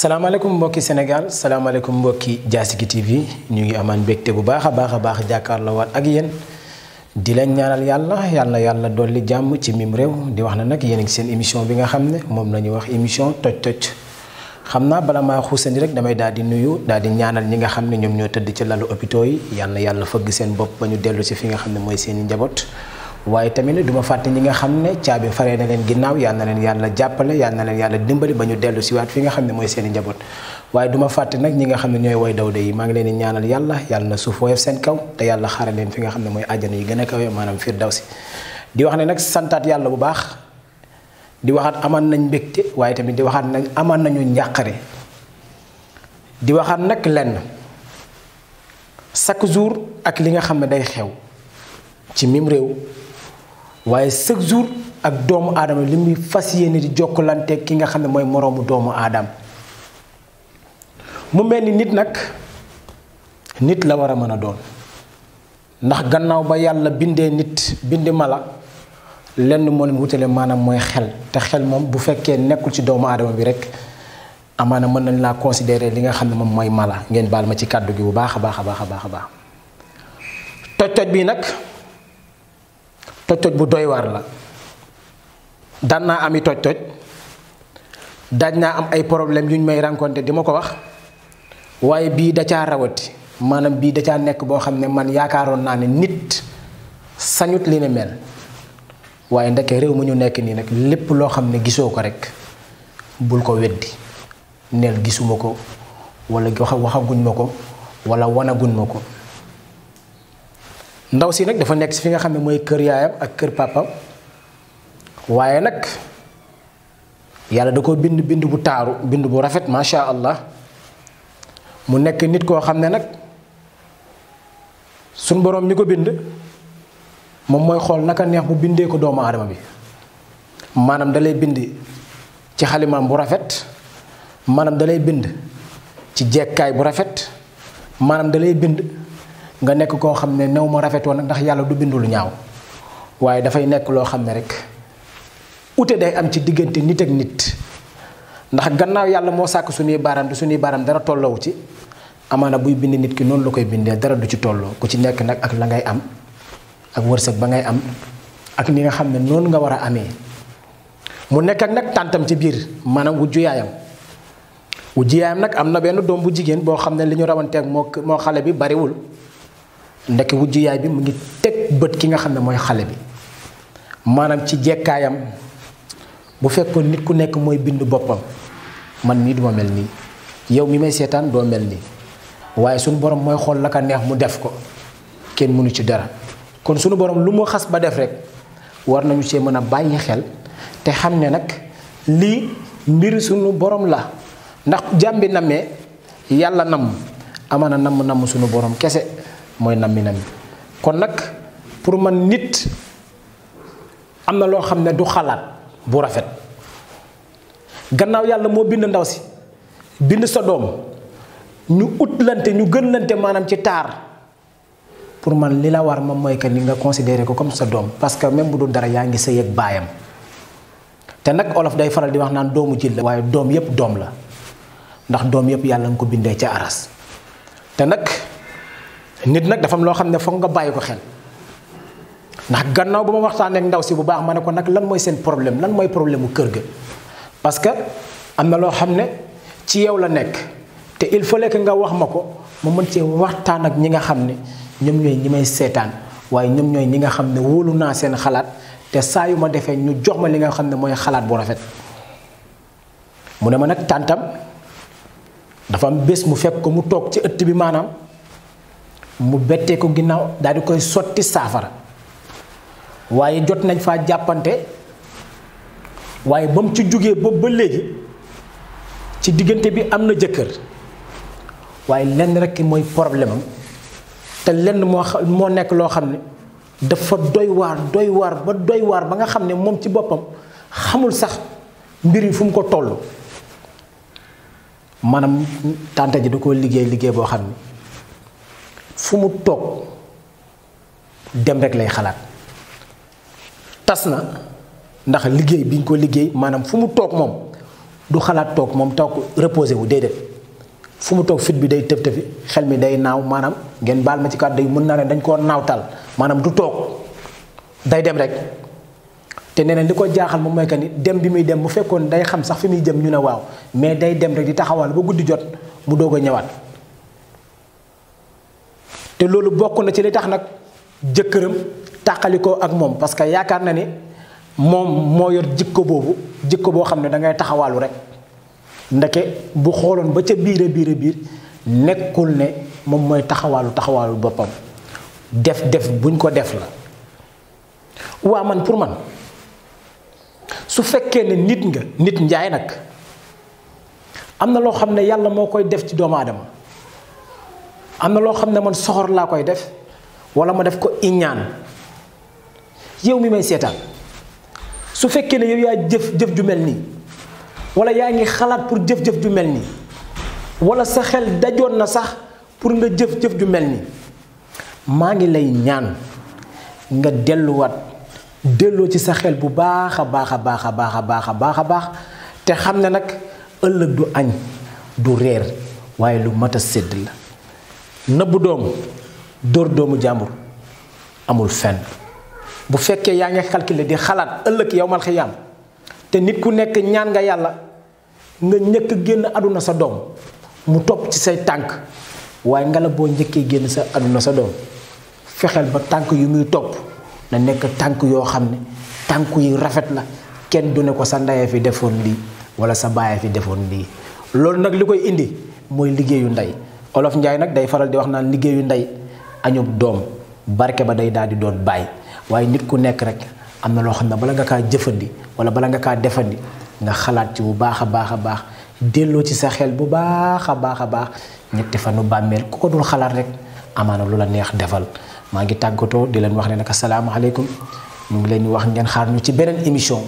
salaamaaleykum mbokki Sénégal salaamaaleykum mbokki Diassigui TV ñu ngi amaan mbégte bu baax a baax a baax jàkkaarloo waat ak yéen di leen ñaanal yàlla yàlla yàlla dolli jàmm ci mim réew di wax na nag yéen a ngi seen émission bi nga xam ne moom la wax émission toj-toj xam naa bala maa xuusandi rek damay daal di nuyu daal di ñaanal ñi nga xam ne ñoom ñoo tëdd ci lalu hôpitaux yi yàlla yàlla fëgg seen bopp ba ñu dellu si fi nga xam ne mooy seen i njaboot. waaye tamit du ma fàtte ñi nga xam ne caabi faree na leen ginnaaw yal na leen yàlla jàppale yal na leen yàlla dimbali ba ñu dellu siwaat fi nga xam ne mooy seen i njaboot waaye du ma fàtte nag ñi nga xam ne ñooy way dawde yi maa ngi leen di ñaanal yàlla yàlla na suuf woyof seen kaw te yàlla xare leen fi nga xam ne mooy àjjana yi gën a kawe maanaam firdawsi di wax ne nag santaat yàlla bu baax di waxaat amaan nañ mbégte waaye tamit di waxaat nag amaan nañu njàqare di waxaat nag lenn chaque jour ak li nga xam ne day xew ci mim réew waaye chaque jour ak doomu aadama li muy fas yéene di jokkalante ki nga xam ne mooy moroomu doomu aadama mu mel ni nit nag nit la war a mën a doon ndax gannaaw ba yàlla bindee nit bindi mala lenn moo leen wutale maanaam mooy xel te xel moom bu fekkee nekkul ci doomu aadama bi rek amaana mën nañ laa considérer li nga xam ne moom mooy mala ngeen baal ma ci kàddu gi bu baax a baax a baax a baax a baax toj toj bii nag toj-toj bu doy war la daan naa ami toj-toj daaj naa am ay problème yu ñu may rencontré di ma ko wax waaye bii da caa rawati maanaam bii da caa nekk boo xam ne man yaakaaroon naa ne nit sañut li ne mel waaye ndeke réew mu ñu nekk nii nag lépp loo xam ne gisoo ko rek bul ko weddi neel gisuma ko wala wax waxaguñ ma ko wala wanaguñ ma ko ndaw si nak dafa nek fi nga xamne moy keur yaayam ak keur papam waye nak yalla da ko bind bind bu taru bind bu rafet sha allah mu nek nit ko xamne nak sun borom boroom mi ko bind mom moy xol naka neex bu binde ko doomu manam bi manam dalay bind ci khalimam bu rafet manam dalay bind ci jekkay bu rafet manam dalay bind nga nek ko xamne ne néew ma rafetoon ndax yalla du bindul ñaaw waye da fay nek lo xamne rek outé day am ci digënté nit ak nit ndax gannaaw yalla mo sàkk suñu baram du suñu baram dara tolloo ci amana buy bind nit ki non la koy bindé dara du ci tollo ku ci nek nak ak la ngay am ak wërsëg ba ngay am ak ni nga xamne non nga wara amé mu nek ak nak tantam ci bir manam wujju yaayam wujju yaayam nak amna benn dombu jigen bo xamne liñu rawante ak mo xale bariwul ndek wujju yaay bi mu ngi tek bët ki nga xamne moy xalé bi manam ci jekkaayam bu fekkoon nit ku nek moy bindu bopam man mii duma melni yow mi may setan do melni waye waaye borom moy xol la ka neex mu def ko ken munu ci dara kon sunu borom lu mo xass ba def rek war nañu ci mëna bayyi xel te xamne nak li mbir sunu borom la ndax jambi namé yalla nam amana nam nam sunu borom kese moy nami nami kon nak pour man nit amna lo xamne du xalat bu rafet gannaaw yalla mo bind ndaw si bind sa dom ñu utlante ñu gënlante manam ci tar pour man lila war mom moy ka ni nga considérer ko comme sa dom parce que même bu dara yaangi sey ak bayam té nak olof day faral di wax nan doomu jil la waye dom yépp dom la ndax dom yépp yalla nga ko bindé ci aras té nak nit nag dafa am loo xam ne foog nga bàyyi ko xel ndax gannaaw ba ma waxtaanee ak ndaw si bu baax ma ne ko nag lan mooy seen problème lan mooy problème mu kër ga parce que am na loo xam ne ci yow la nekk te il fallait que nga wax ma ko ma mën cee waxtaan ak ñi nga xam ne ñoom ñooy ñi may seetaan waaye ñoom ñooy ñi nga xam ne wóolu naa seen xalaat te saa yu ma defee ñu jox ma li nga xam ne mooy xalaat bu rafet mu ne ma nag tàntam dafa bés mu fekk ko mu toog ci ëtt bi maanaam. mu bettee ko ginnaaw daal di koy sotti saafara waaye jot nañ faa jàppante waaye ba mu ci jógee boobu ba léegi ci diggante bi am na jëkkër waaye lenn rekk mooy problème te lenn moo xam moo nekk loo xam ne dafa doy waar doy waar ba doy waar ba nga xam ne moom ci boppam xamul sax mbir yi fu mu ko toll maanaam tànta ji da koo liggéey liggéey boo xam ne fu mu toog dem rek lay xalaat tas na ndax liggéey bi ñu ko liggéey maanaam fu mu toog moom du xalaat toog moom toog reposé wu déedéet fu mu toog fit bi day tëf tëfi xel mi day naaw maanaam ngeen baal ma ci kàddu yi mën naa ne dañ koo naawtal maanaam du toog day dem rek te nee li ko jaaxal moom mooy que ni dem bi muy dem mu fekkoon day xam sax fi muy jëm ñu ne waaw mais day dem rek di taxawal ba guddi jot mu doog a ñëwaat. te loolu bokk na ci li tax nag jëkkëram tàqalikoo ak moom parce que yaakaar na ni moom moo yor jikko boobu jikko boo xam ne da ngay taxawaalu rek ndeke bu xooloon ba ca biir a biir a nekkul ne moom mooy taxawaalu taxawaalu boppam def def buñ ko def la waa man pour man su fekkee ne nit nga nit njaay nag am na loo xam ne yàlla moo koy def ci doomu aadama amna lo xamne man soxor la koy def wala ma def ko iñaan yow mi may seetaan su fekke ne yow ya jëf jëf ju melni wala ya ngi xalat pour jëf jëf ju melni wala sa xel dajon na sax pour nga jëf jëf ju melni ma ngi lay ñaan nga delu wat delo ci sa xel bu baakha baakha baakha baakha baakha baakha baax te xamne nak ëlëk du añ du reer waye lu mata sédd la nebu dom dor domu jambur amul fen bu fekke ya nga calculer di xalat euleuk yow mal te nit ku nek ñaan nga yalla nga ñeuk genn aduna sa dom mu top ci say way nga la bo njëkkee genn sa aduna sa dom fexel ba tank yu muy top na nek tanku yo xamne tank yu rafet la ken du ne ko sa ndaye fi defon li wala sa baye fi defon li lol nak likoy indi moy liggéeyu ndaye olof njaay nag day faral di wax naan liggéeyu ndey añub doom barke ba day daal di doon baay waaye nit ku nekk rek am na loo xam ne bala nga kaa jëfandi wala bala nga kaa defandi nga xalaat ci bu baax a baax a baax delloo ci sa xel bu baax a baax a baax ñetti fanu bàmmeel ku ko dul xalaat rek amaana lu la neex defal maa ngi tàggatoo di leen wax ne nag a asalaamaaleykum mu ngi leen wax ngeen xaar ñu ci beneen émission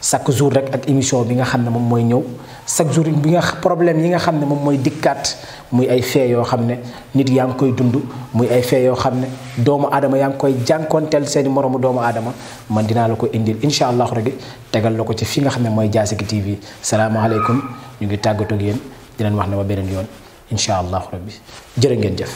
chaque jour rek ak émission bi nga xam ne moom mooy ñëw chaque jour bi nga problème yi nga xam ne moom mooy dikkaat muy ay fee yoo xam ne nit yaa ngi koy dund muy ay fee yoo xam ne doomu adama yaa ngi koy jànkoonteel seeni moroomu doomu aadama man dinaa la ko indil incha allahu rek tegal la ko ci fi nga xam ne mooy Diassigui TV salaamaaleykum ñu ngi tàggatoo ak yéen di wax ne ba beneen yoon incha allahu rabbi jërë ngeen jëf.